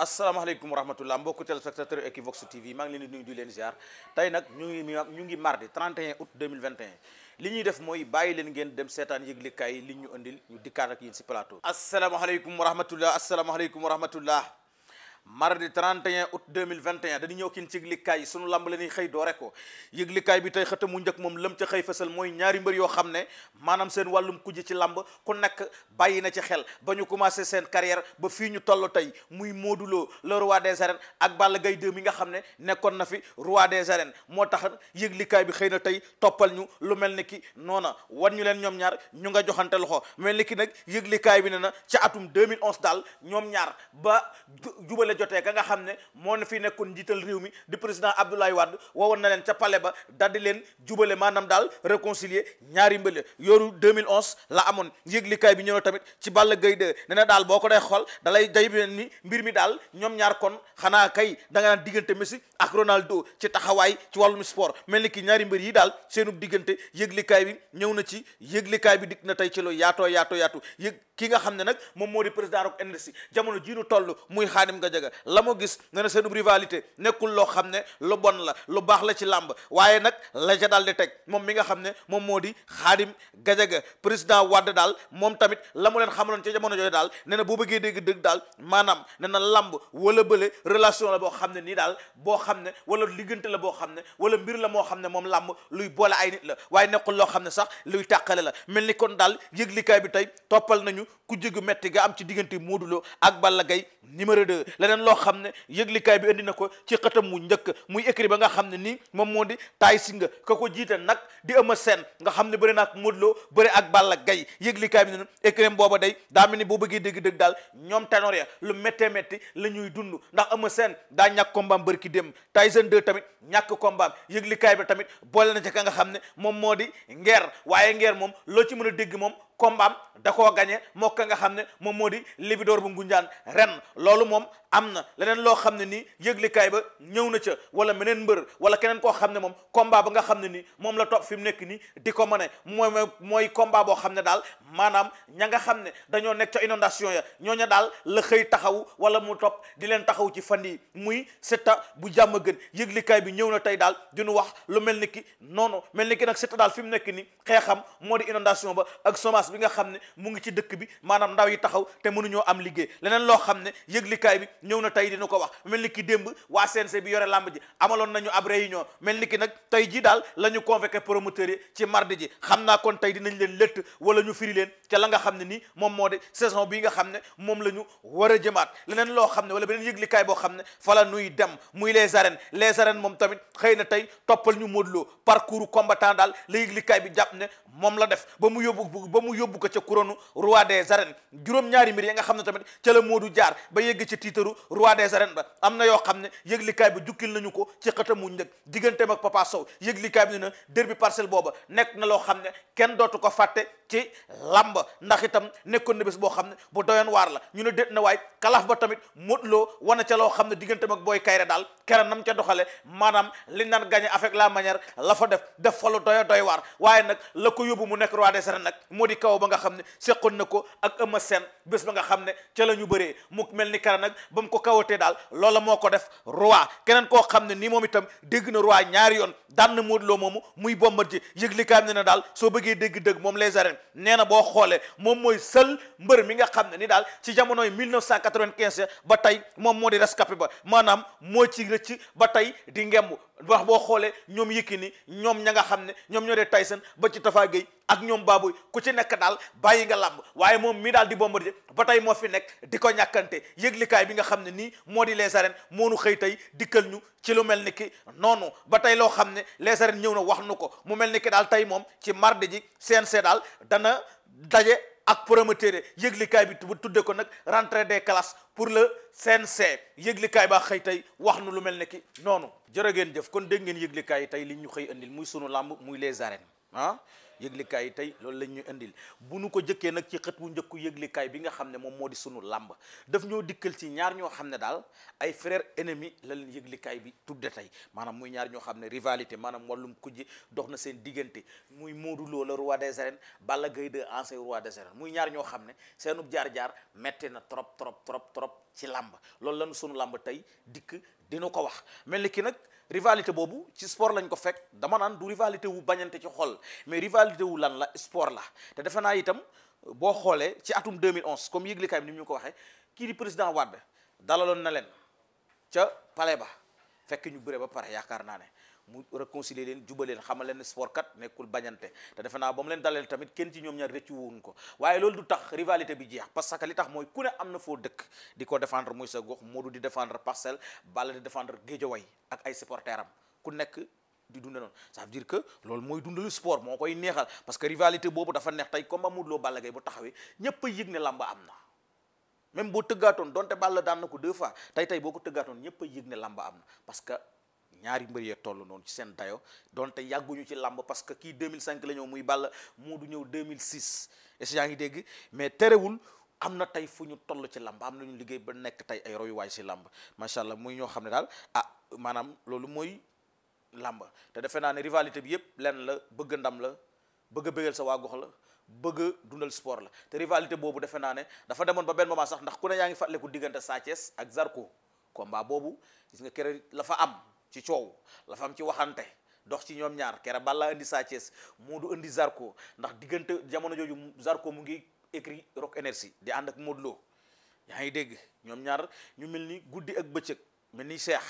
asalaamaaleykum wa rahmatullah mbokku téléspectateur Equivox TV maa ngi leen di nuyu di leen ziar tey nag ñu ngi ñu ngi mardi 31 août 2021 li ñuy def mooy bàyyi leen ngeen dem seetaan yëglikaay yi li ñu indil ñu dikkaat ak yéen si plateau. asalaamaaleykum wa rahmatullah asalaamaaleykum wa rahmatullah mardi 31 août 2021 dañu ñëw kin ci yëglikaay yi sunu lamb la ñuy xëy doore ko yëglikaay bi tey xëta mu njëkk moom lëm ca xëy fësal mooy ñaari mbër yoo xam ne maanaam seen wàllum kujje ci lamb ku nekk bàyyi na ci xel ba ñu commencé seen carrière ba fii ñu toll tey muy Modou Lo le roi des arènes ak Balla gay 2 mi nga xam ne nekkoon na fi roi des arènes moo tax yëglikaay bi xëy na tey toppal ñu lu mel ni ki noona wan ñu leen ñoom ñaar ñu nga joxante loxo mel ni ki nag yëglikaay bi ne na ca atum 2011 daal ñoom ñaar ba la jotee ka nga xam ne moo na fi nekkoon njiital réew mi di président Abdoulaye Wade woowoon na leen ca palais ba daldi leen jubale maanaam daal réconcilier ñaari mbële yooru 2011 la amoon yëglikaay bi ñëw ci Balla Gaye 2 ne na daal boo ko day xool dalay day beneen ni mbir mi daal ñoom ñaar kon xanaa kay da nga naan diggante Messi ak Ronaldo ci taxawaay ci wàllum sport mel ni ki ñaari mbër yi daal seenub diggante yëglikaay bi ñëw na ci yëglikaay bi dikk na tey ci lu yaatoo yaatoo yaatu yëg ki nga xam ne nag moom moo di président rok NDC jamono jii nu muy Khadim Gadiaga ga la mu gis ne na seen rivalité nekkul loo xam ne lu bon la lu baax la ci làmb waaye nag la ca daal di teg moom mi nga xam ne moom moo di Khadim Gadiaga président Wade daal moom tamit la mu leen xamaloon ca jamono jooju daal ne na boo bëggee dégg dëgg daal maanaam ne na làmb wala bële relation la boo xam ne nii daal boo xam ne wala liggante la boo xam ne wala mbir la moo xam ne moom làmb luy boole ay nit la waaye nekkul loo xam ne sax luy tàqale la mel ni kon daal yëglikaay bi tey toppal nañu ku jëgu metti ga am ci diggante Modou Lo ak Balla leneen loo xam ne yëglikaay bi indi na ko ci xëtam mu njëkk muy écrit ba nga xam ne nii moom moo di taay si nga ka ko jiita nag di ëma seen nga xam ne bari na ak Modou Lo bëri ak Balla Gaye yëglikaay bi ne écrit booba day daa mel ni boo bëggee dégg dégg daal ñoom ténor ya lu méttee métti la ñuy dund ndax ëma seen daa ñàkk kombaam ki dem Tyson 2 tamit ñakk kombaam yëglikaay bi tamit boole na ci ka nga xam ne moom moo di ngeer waaye dégg moom kombaam da koo gañe moo nga xam ne moom moo di libidoor bu ngunjaan ren loolu moom am na leneen loo xam ne nii yëglikaay ba ñëw na ca wala meneen mbër wala keneen koo xam ne moom combat ba nga xam ne nii moom la topp fi mu nekk nii di ko mën mooy mooy combat boo xam ne daal maanaam ña nga xam ne dañoo nekk ca inondation ya ñooña daal la xëy taxaw wala mu topp di leen taxaw ci fan muy seta bu jàmm gën yëglikaay bi ñëw na tey daal di wax lu mel ni ki noonu mel ni ki nag Siteu daal fi mu nekk nii xeexam moo di bi nga xam ne mu ngi ci dëkk bi maanaam ndaw yi taxaw te mënuñoo am liggéey leneen loo xam ne yëglikaay bi ñëw na tey dina ko wax mel ni ki démb waa CNC bi yore làmb ji amaloon nañu ab réunion mel ni ki nag tey ji daal la ñu convoqué promoteurs yi ci mardi ji xam naa kon tey dinañ leen lëtt wala ñu firi leen ca la nga xam ne nii moom moo de saison bi nga xam ne moom la ñu war a jëmaat leneen loo xam ne wala beneen yëglikaay boo xam ne fala nuy dem muy les arènes les arènes moom tamit xëy na tey toppal ñu Modou Lo parcours combattant daal la bi jàpp ne moom la def yóbbu ko ca couronne roi des arènes juróom-ñaari mbir ya nga xam ne tamit ca la Modou jaar ba yegg ca tiitaru roi des arènes ba am na yoo xam ne yëglikaay bi jukkil nañu ko ci xëtamu njëkk digganteem ak Papa Sow yëglikaay bi ne na derbi parcelle booba nekk na loo xam ne kenn dootu ko fàtte ci lamb ndax itam nekkoon na bés boo xam ne bu doyoon waar la ñu ne déet na waay kalaf ba tamit Modou Lo wane ca loo xam ne diggante mag booy Kayre daal kera nam ca doxale maanaam liñ naan gagné avec la manière la def def fa lu doy doy waar waaye nag la ko yóbbu mu nekk roi des arènes nag moo di kaw ba nga xam ne seqoon na ko ak Eumeu Sène bés ba nga xam ne ca la ñu bëree mu mel ni kera nag ba mu ko kawatee daal loola moo ko def roi keneen koo xam ne nii moom itam dégg na roi ñaari yoon daan na Modou Lo moomu muy bombat ji yëg li kaam ne na daal soo bëggee dégg dëgg moom les arènes nee na boo xoolee moom mooy seul mbër mi nga xam ne ni daal ci jamonoy 1995 ba tey moom moo di rescapé ba maanaam moo ci rëcc ba tey di ngemb wax boo xoolee ñoom Yékini ñoom ña nga xam ne ñoom ñoo dee Tyson ba ci Tapha Gueye ak ñoom baaboy ku ci nekk daal bàyyi nga làmb waaye moom mii daal di Bombardier ba tey moo fi nekk di ko ñàkkante yëglikaay bi nga xam ne nii moo di les arènes moo nu xëy tey dikkal ñu ci lu mel ni ki noonu ba tey loo xam ne les arènes ñëw na wax nu ko mu mel ni ki daal tey moom ci mardi ji CNC daal dana daje ak promoteur yëglikaay bi bu tuddee ko nag rentrée des classes pour le CNC yëglikaay baa xëy tey wax nu lu mel ne ki noonu jërë ngeen jëf kon dégg ngeen yëglikaay yi tey li ñu xëy andil muy sunu làmb muy les arènes ah yëglikaay yi tey loolu lañ ñu indil bu nu ko jëkkee nag ci xët wu njëkku yëglikaay bi nga xam ne moom moo di sunu làmb daf ñoo dikkal ci ñaar ñoo xam ne daal ay frère ennemi la leen yëglikaay bi tudde tey maanaam muy ñaar ñoo xam ne rivalité maanaam wàllum kujje dox na seen diggante muy Modou Lo le roi des arènes bala Gaye 2 ancien roi des arènes muy ñaar ñoo xam ne seenub jaar-jaar metti na trop trop trop trop ci làmb loolu lañu sunu làmb tey dikk dina ko wax mel ni ki nag rivalité boobu ci sport lañ ko fekk dama naan du rivalité wu bañante ci xool mais rivalité wu lan la sport la te defe naa itam boo xoolee ci atum 2011 comme yëglikaay bi ni ñu ko waxee kii di président Wade dalaloon na leen ca palais ba fekk ñu bëre ba pare yaakaar naa ne mu réconcilier leen jubaleen xamal leen sport kat nekkul bañante te defe naa ba mu leen daleel tamit kenn ci ñoom ñaar rëccu woon ko waaye loolu du tax rivalité bi jeex parce que li tax mooy ku na foo dëkk di ko défendre muy sa gox Modou di défendre Parcelles Balla di défendre Guédiawaye ak ay supporteram ku nekk di dund noonu ça veut dire que loolu mooy dundalu sport moo koy neexal parce que rivalité boobu dafa neex tey combat Modou Lo Balla Gaye bu taxawee ñépp yëg ne làmb am na même boo tëggaatoon donte Balla daan na ko deux fois tey tey boo ko tëggaatoon ñépp a yëg ne làmb am na parce que ñaari mbër yee toll noonu ci seen dayo donte yàgguñu ci làmb parce que kii 2005 la ñëw muy Balla moo du ñëw 2006 est-ce yaa ngi dégg mais terewul am na tey fu ñu toll ci làmb am na liggéey ba nekk tey ay royuwaay si làmb macha allah muy ñoo xam ne daal ah maanaam loolu mooy làmb te defe naa ne rivalité bi yépp lenn la bëgg ndam la bëgg a bëggal sa waa gox la bëgg dundal sport la te rivalité boobu defe naa ne dafa demoon ba benn moment sax ndax ku ne yaa ngi fàttaliku diggante Sa Thiès ak Zarko combat boobu gis nga kere la am ci coow la fa am ci waxante dox ci ñoom ñaar kera balla indi Sa Thiès Modou indi Zarko ndax diggante jamono jooju Zarko mu ngi écrit Rock Énergie di ànd ak Modou ñaa ngi dégg ñoom ñaar ñu mel ni guddi ak bëccëg mel ni seex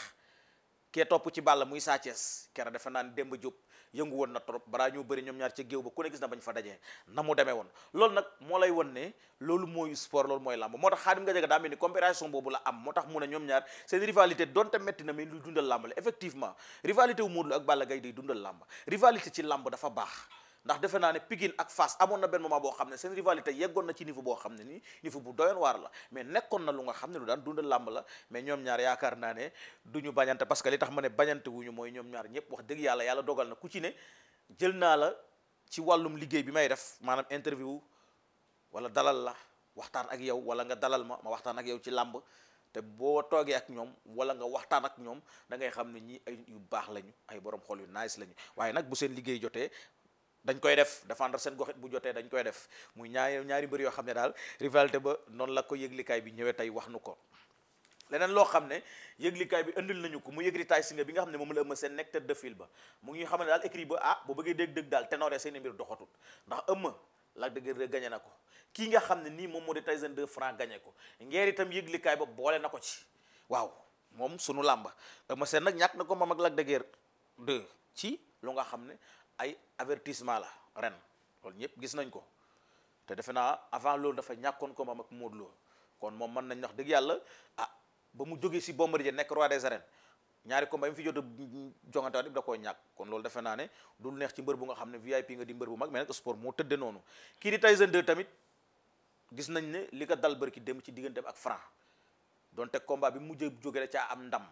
kee topp ci Balla muy Sa Thiès kera defe naa ne Demba Diop yëngu woon na trop balaa ñoo bari ñoom ñaar ca géew ba ku ne gis na bañ fa dajee na mu deme woon loolu nag moo lay won ne loolu mooy sport loolu mooy làmb moo tax nga Gadiaga daa mel ni comparaison boobu la am moo tax mu ne ñoom ñaar seen rivalité donte métti na mais luy dundal làmb la effectivement rivalité wu Modou ak Balla gay day dundal làmb rivalité ci làmb dafa baax ndax defe naa ne Pikine ak Fass amoon na benn moment boo xam ne seen rivalité yeggoon na ci niveau boo xam ne nii niveau bu doyoon waar la mais nekkoon na lu nga xam ne lu daan dundal làmb la mais ñoom ñaar yaakaar ne du ñu parce que li tax ma ne bañante wuñu mooy ñoom ñaar ñëpp wax dëgg yàlla yàlla dogal na ku ci jël naa la ci wàllum liggéey bi may def maanaam interview wala dalal la waxtaan ak yow wala nga dalal ma ma waxtaan ak yow ci làmb te boo toogee ak ñoom wala nga waxtaan ak ñoom da ngay xam ne ñii ay yu baax lañu ay borom xol yu nice lañu waaye nag bu seen liggéey jotee dañ koy def défendre seen goxit bu jotee dañ koy def muy ñaari ñaari mbër yoo xam ne daal rivalité ba noonu la ko yëglikaay bi ñëwee tey wax nu ko leneen loo xam ne yëglikaay bi indil nañu ko mu yëgri tay si bi nga xam ne moom la ëmma seen nekk tête de file ba mu ngi xam ne daal écrit ba ah bu bëggee dégg dëgg daal ténoré seen mbir doxatul ndax ëmma Lac de Guiers na ko kii nga xam ne nii moom moo di Tyson 2 franc gagné ko ngeer itam yëglikaay ba boole na ko ci waaw moom sunu làmba ëmma seen nag ñàkk na ko ma mag Lac de ci lu nga xam ne ay avertissement la ren loolu ñëpp gis nañ ko te defe naa avant lool dafa ñàkkoon ko moom ak Modou Lo kon moom mën nañ wax dëgg yàlla ah ba mu jógee si Bombardier nekk roi des arènes ñaari combat yi mu fi jot a jongantewaat yëpp da ñàkk kon loolu defe naa ne du neex ci mbër bu nga xam ne VIP nga di mbër bu mag mais nag sport moo tëdde noonu kii di Tyson 2 tamit gis nañ ne li ko dal bër dem ci digganteem ak Franc donte combat bi mu mujjee jóge da caa am ndam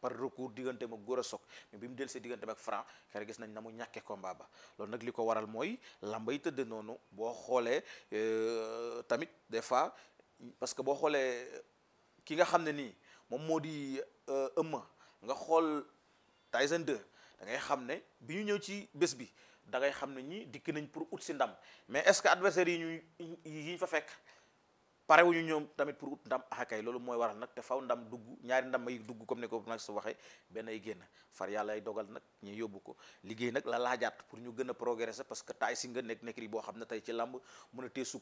par recours diggante ma góor a soog mais bi mu dell see diggante ak franc kere gis nañ na mu ñàkkee combat ba loolu nag li ko waral mooy lamba yi tëdd noonu boo xoolee euh, tamit des fois parce que boo xoolee ki nga xam ne nii moom moo di ëmma euh, nga xool Tyson 2 da ngay xam ne bi ñu ñëw ci bés bi dangay xam ne ñi dikk nañ pour ut si ndam mais est-ce que adversaire yi ñu yi ñu fa fekk pare wuñu ñoom tamit pour ndam axakay ah loolu mooy waral nag te faw ndam dugg ñaari ndam ay dugg comme ne ko nag su waxee ay génn nag ñu yóbbu ko liggéey nag la laajaat pour ñu gën a progresser parce que taay si nga nekk nekk yi boo xam ne tey a teesu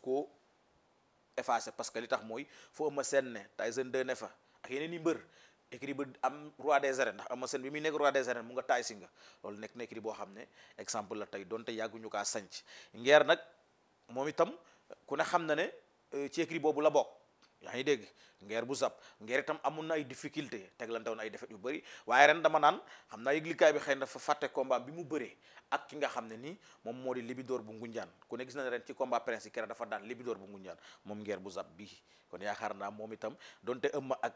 parce que li tax mooy foo ama seen ne Tyson ne fa ak yeneen i mbër écrit des arènes ndax ama seen bi muy nekk roi des arènes nga taay si nga loolu nekk nekk boo xam ne exemple la tey donte yàgguñu kaa sanc ngeer nag moom itam ku ne xam na ne Euh, ci écrit boobu la bokk yaa ngi dégg ngeer bu sab ngeer itam amoon na ay difficulté teglante woon ay défaite yu bëri waaye ren dama naan xam naa yëglikaay bi xëy na fa fàtte combat bi mu bëree ak ki nga xam ne nii moom moo di libidoor bu ngunjaan ku ne gis ren ci combat prince yi kere dafa daan libidoor bu ngunjaan moom ngeer bu sab bii kon yaakaar naa moom itam donte ëmma ak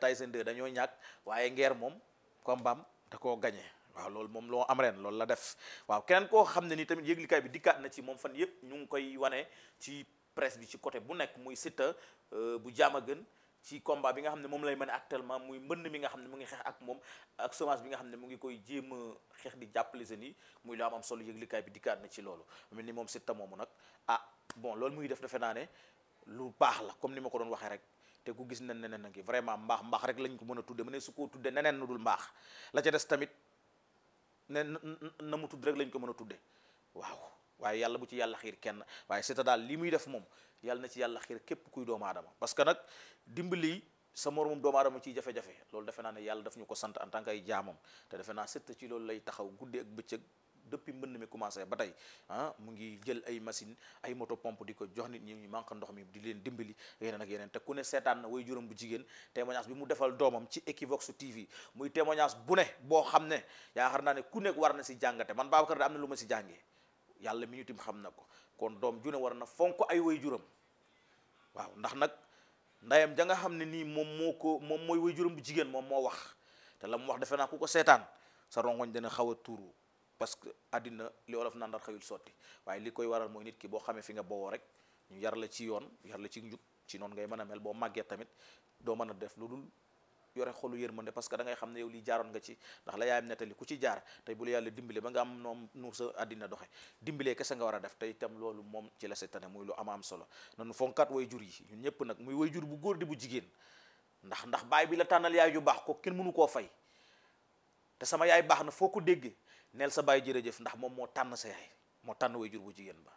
Tyson 2 dañoo ñàkk waaye ngeer moom combaam da koo gañe waaw loolu moom loo am ren loolu la def waaw keneen koo xam ne nii tamit yëglikaay bi dikkaat na ci moom fan yëpp ñu ngi koy wane ci presse bi ci côté bu nekk muy Siteu euh, bu jaam a gën ci combat bi nga xam ne moom lay mën actuellement muy mbënn mi nga xam ne mu ngi xeex ak moom ak semence bi nga xam ne mu ngi koy jéem a xeex di jàppale seen yi muy lu am am solo yëglikaay bi dikkaat na ci loolu mel ni moom Siteu moomu nag ah, bon loolu muy def defe naa ne lu baax la comme ni ma ko doon waxee rek te ku gis na neneen a ngi vraiment mbaax mbaax rek lañ ko mën a tudde mu ne su koo tudde neneen nu dul mbaax la ca des tamit ne na mu tudd rek lañ ko mën a tudde waaw waaye yàlla bu ci yàlla xiir kenn waaye c'est daal li muy def moom yàlla na ci yàlla xiir képp kuy doomu aadama parce que nag dimbali sa moromum doomu aadama ciy jafe loolu defe naa ne yàlla daf ñu ko sant en tant que ay jaamam te defe naa sett ci loolu lay taxaw guddi ak bëccëg depuis mbënn mi commencé ba tey ah mu ngi jël ay machine ay moto pompe di ko jox nit ñu manque ndox mi di leen dimbali yeneen ak yeneen ku ne seetaan na way juróom bu jigéen témoignage bi mu defal doomam ci Equivox TV muy témoignage bu ne boo xam ne yaakaar naa ne ku nekk war na si jàngate man Babacar da am na lu ma si jànge yàlla mi ñu tim xam na ko kon doom ju ne war na fonk ay way juram waaw ndax nag ndayam ja nga xam ne nii moom moo ko moom mooy way juram bu jigéen moom moo wax te la mu wax defe naa ku ko seetaan sa rongoñ dana xaw a tuuru parce que àddina li olof naan ndar xëyul sotti waaye li koy waral mooy nit ki boo xamee fi nga bowoo rek ñu yar la ci yoon yar la ci njub ci noonu ngay mën a mel boo màggee tamit doo mën a def lu dul yore xolu yërmande parce que da ngay xam ne yow li jaaroon nga ci ndax la yaayam nettali ku ci jaar tey bu la yàlla dimbale ba nga am noom nu sa àddina doxe dimbalee kese nga war a def tey itam loolu moom ci la seetane muy lu am am solo noonu fonkat way jur yi ñun ñëpp nag muy way jur bu góor di bu jigéen ndax ndax baay bi la tànnal yaay ju baax ko kenn mënu koo fay te sama yaay baax na foo ko dégg neel sa baay jërëjëf ndax moom moo tànn sa yaay moo tànn way jur bu jigéen ba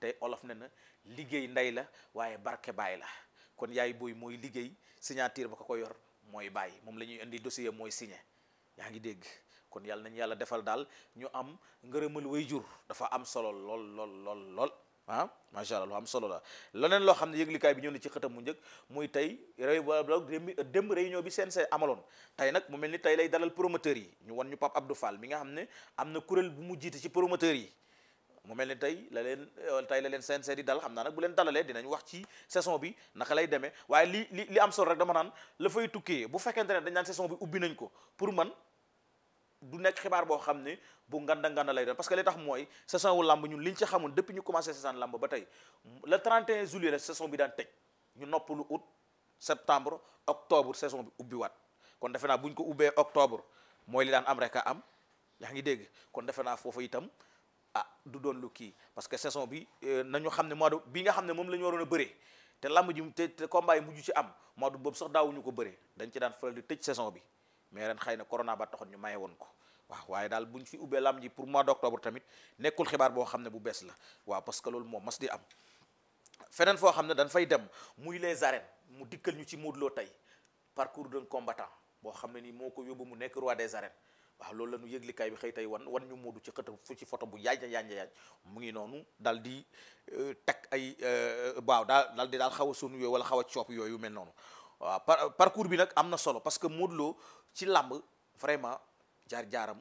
tey olof ne na liggéey ndey la waaye barke baay la kon yaay booy mooy liggéey signature ba ko ko yor mooy bàyyi moom la ñuy indi dossier mooy signé yaa ngi dégg kon yàlla nañu yàlla defal daal ñu am ngërëmal way jur dafa am solo lool lool lool lool ah macha allah lu am solo la leneen loo xam ne yëglikaay bi ñëw na ci xëtam mu njëkk muy tey dem réew démb ñoo bi seen see amaloon tey nag mu mel ni tey lay dalal promoteurs yi ñu wan ñu Pape Abdou Fall mi nga xam ne am na kuréel bu mu jiite ci promoteurs yi mu mel ni tey la leen euh, tey la leen CNG di dal xam naa nag bu leen dalalee dinañ wax ci saison bi naka lay demee waaye li li li am solo rek dama naan la fay tukkee bu fekkente ne dañ naan saison bi ubbi nañ ko pour man du nekk xibaar boo xam ne bu nganda nganda lay doon parce que li tax mooy saison wu lamb ñun liñ ci xamoon depuis ñu commencé saison lamb ba tey le 31 juillet la saison bi daan teg ñu noppalu août septembre octobre saison bi ubbiwaat kon defe naa buñ ko ubbee octobre mooy li daan am rek a am yaa ngi dégg kon defe naa foofu itam ah du doon lu kii parce que saison bi euh, nañu xam ne mois de bi nga xam ne moom la ñu waroon a bëree te lamb ji te te combat mujj ci am mois de boobu sax daawuñu ko bëree dañ ci daan faral di tëj saison bi mais ren xëy na corona ba taxoon ñu maye woon ko waaw waaye daal buñ fi ubbee lamb ji pour mois d' octobre tamit nekkul xibaar boo xam ne bu bees la waaw parce que loolu moom mas di am feneen foo xam ne dañ fay dem muy les arènes mu dikkal ñu ci Modou Lo tey parcours d'un combattant boo xam ne nii moo ko yóbbu mu nekk roi des arènes waaw loolu la ñu yëglikaay bi xëy tey wan wan ñu moodu ci xët fu ci photo bu yaanja yaanja yaaj mu ngi noonu dal di euh, teg ay euh, waaw daal daal di daal xaw a yooyu wala xaw a coop yooyu mel noonu waaw par parcours bi nag am na solo parce que Modou Lo ci làmb vraiment jaar-jaaram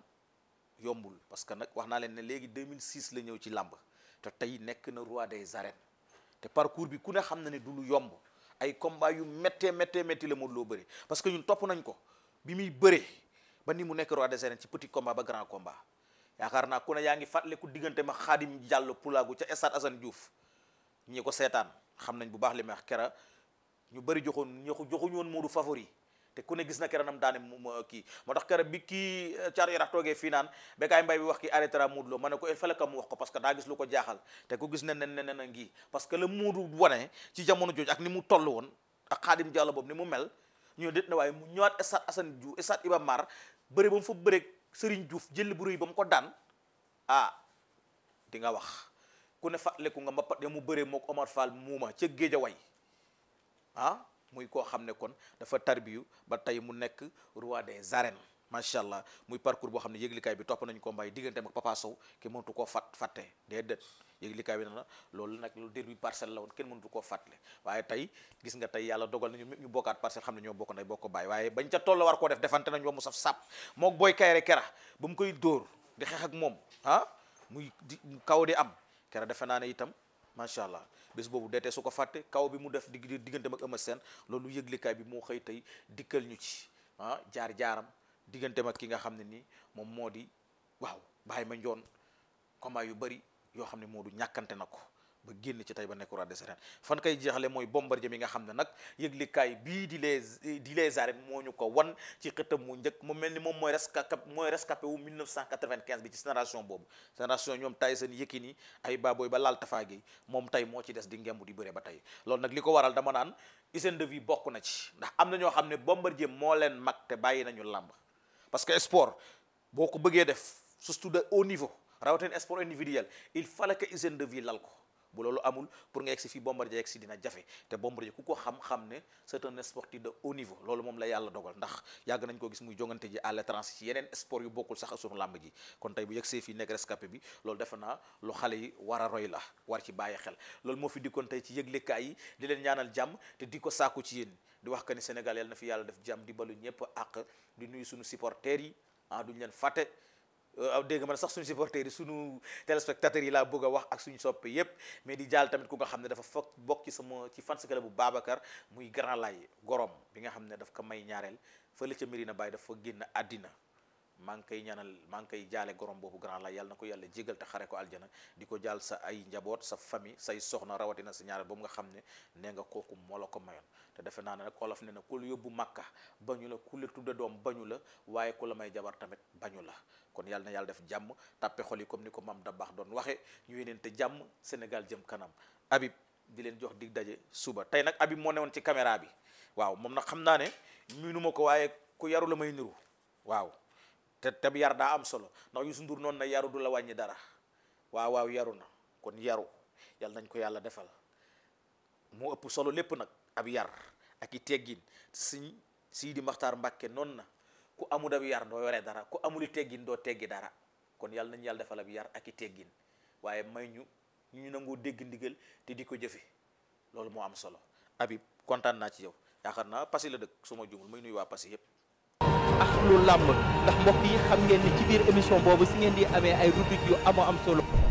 yombul parce que nag wax naa leen ne léegi 2006 la ñëw ci làmb te tey nekk na roi des arènes te parcours bi ku ne xam na ne du lu yomb ay combat yu méttee méttee métti la Modou Lo bëri parce que ñun topp nañ ko bi muy bëree ba ni mu nekk roi des arènes ci petit combat ba grand combat yaakaar naa ku ne yaa ngi fàttaliku diggante ma Xaadim Jàllo pulaagu ca stade Assane Diouf ñi ko seetaan xam nañ bu baax li may wax kera ñu bëri joxoon ñu joxuñu woon Modou favori te ku ne gis na kera nam daane kii moo tax kera bi kii caar eh, yarax toogee fii naan Bécaye wax kii arrêtera Modou ma ne ko il fallait mu wax ko parce que daa gis lu ko jaaxal te ku gis ne ne ne na ngi parce que le Modou wane ci jamono jooju ak ni mu toll woon ak Xaadim Jàllo boobu ni mu mel ñoo déet na waaye mu ñëwaat stade Assane Diouf stade Iba Mar bëre ba mu fa bëreeg Serigne Diouf jël bu rëy ba mu ko daan ah di nga wax ku ne fàttaliku nga mbapat ya mu bëree mook Omar Fall muuma ca way ah muy koo xam ne kon dafa tarbiyu ba tey mu nekk roi des arènes macha allah muy parcours boo xam ne yëglikaay bi topp nañu ko mbay digganteem ak Papa Sow ki mënatu koo fat fatte fàtte déedéet yëglikaay bi na loolu nag lu derby parcelle la woon kenn mënatu koo fàttali waaye tey gis nga tey yàlla dogal na ñun ñu bokkaat parcelle xam ne ñoo bokk nday bokk bàyyi waaye bañ ca toll war koo def defante nañ ba mu saf sàpp mook booy kayre kera ba mu koy dóor di xeex ak moom ah muy di kaw di am kera defe naa ne itam macha allah bés boobu deetee su ko fàtte kaw bi mu def di diggante ak Eumeu Sène loolu yëglikaay bi moo xëy tey dikkal ñu ci ah jaar-jaaram diggante ak ki nga xam ne nii moom moo di waaw bàyyi ma njoon combat yu bëri yoo xam ne moo du ñàkkante na ko ba génn ci Taïba nekk roi des arènes fan kay jeexale mooy Bombardier mi nga xam ne nag yëglikaay bii di lee di les arènes moo ñu ko wan ci xëtam mu njëkk mu mel ni moom mooy rescapé mooy rescapé wu 1995 bi ci génération boobu génération ñoom Tyson Yékini ay Baboy ba laal Tapha Guèye moom tey moo ci des di ngemb di bëre ba tey loolu nag li ko waral dama naan hygiène de vie bokk na ci ndax am na ñoo xam ne Bombardier moo leen mag te bàyyi nañu làmb parce que sport boo ko bëggee def surtout de au niveau rawatina sport individuel il fallait que hygiène lal ko bu loolu amul pour nga yegg si fii Bombardier yegg dina jafe te Bombardier ku ko xam-xam ne c'est un sportif de haut niveau loolu moom la yàlla dogal ndax yàgg nañ ko gis muy jongante ji à l'étranger ci yeneen sport yu bokkul sax suñu làmb ji kon tey bu yegg see fii nekk rescapé bi loolu defe lu xale yi war a roy la war ci bàyyi xel loolu moo fi dikkoon tey ci yëglekaay yi di leen ñaanal jàmm te di ko sàkku ci yéen di wax que ni Sénégal yàlla na fi yàlla def jàmm di balu ñëpp àq di nuyu suñu yi ah, aw euh, dégga man sax suñu supporters yi suñu téléspectateurs yi laa bëgg a wax ak suñu soppe yépp mais di jaal tamit ku nga xam ne dafa foog bokk ci sama ci fans club bu Babacar muy grand lay gorom bi nga xam ne daf ko may ñaareel fële ca na Baye dafa génn àddina maa ngi koy ñaanal maa koy jaale gorom boobu grand la yàlla na ko yàlla jégal te xare ko aljana di ko jaal sa ay njaboot sa famille say soxna rawatina sa ñaareel boobu nga xam ne nee nga kooku moo la ko mayoon te defe naa ne nag olof ne na ku la yóbbu màkka bañu la ku la doom bañu la waaye ku la may jabar tamit bañu la kon yàlla na def jàmm tàppe xol yi comme ni ko maam da doon waxe ñu yeneen te jàmm Sénégal jëm kanam Habib di leen jox di daje suba tey nag Habib moo ne woon ci caméra bi waaw moom na xam naa ne miinu ma ko waaye ku yaru la may niru waaw te teb yar daa am solo ndax Youssou Ndour noon na yaru du la wàññi dara waaw waaw yaru na kon yaru yàlla nañ ko yàlla defal moo ëpp solo lépp nag ab yar ak i teggin sëñ di Maxtaar Mbàkke noonu na ku amul ab yar doo yore dara ku amul i teggin doo teggi dara kon yàlla nañ yàlla defal ab yar ak i teggin waaye may ñu ñu nangoo dégg ndigal te di ko jëfe loolu moo am solo Habib kontaan naa ci yow yaakaar naa Passy la dëkk su ma jumul muy nuyu waa Passy yëpp axlu làmb ndax mbokk yi xam ngeen ni ci biir émission boobu si ngeen di amee ay rubrique yu am am solo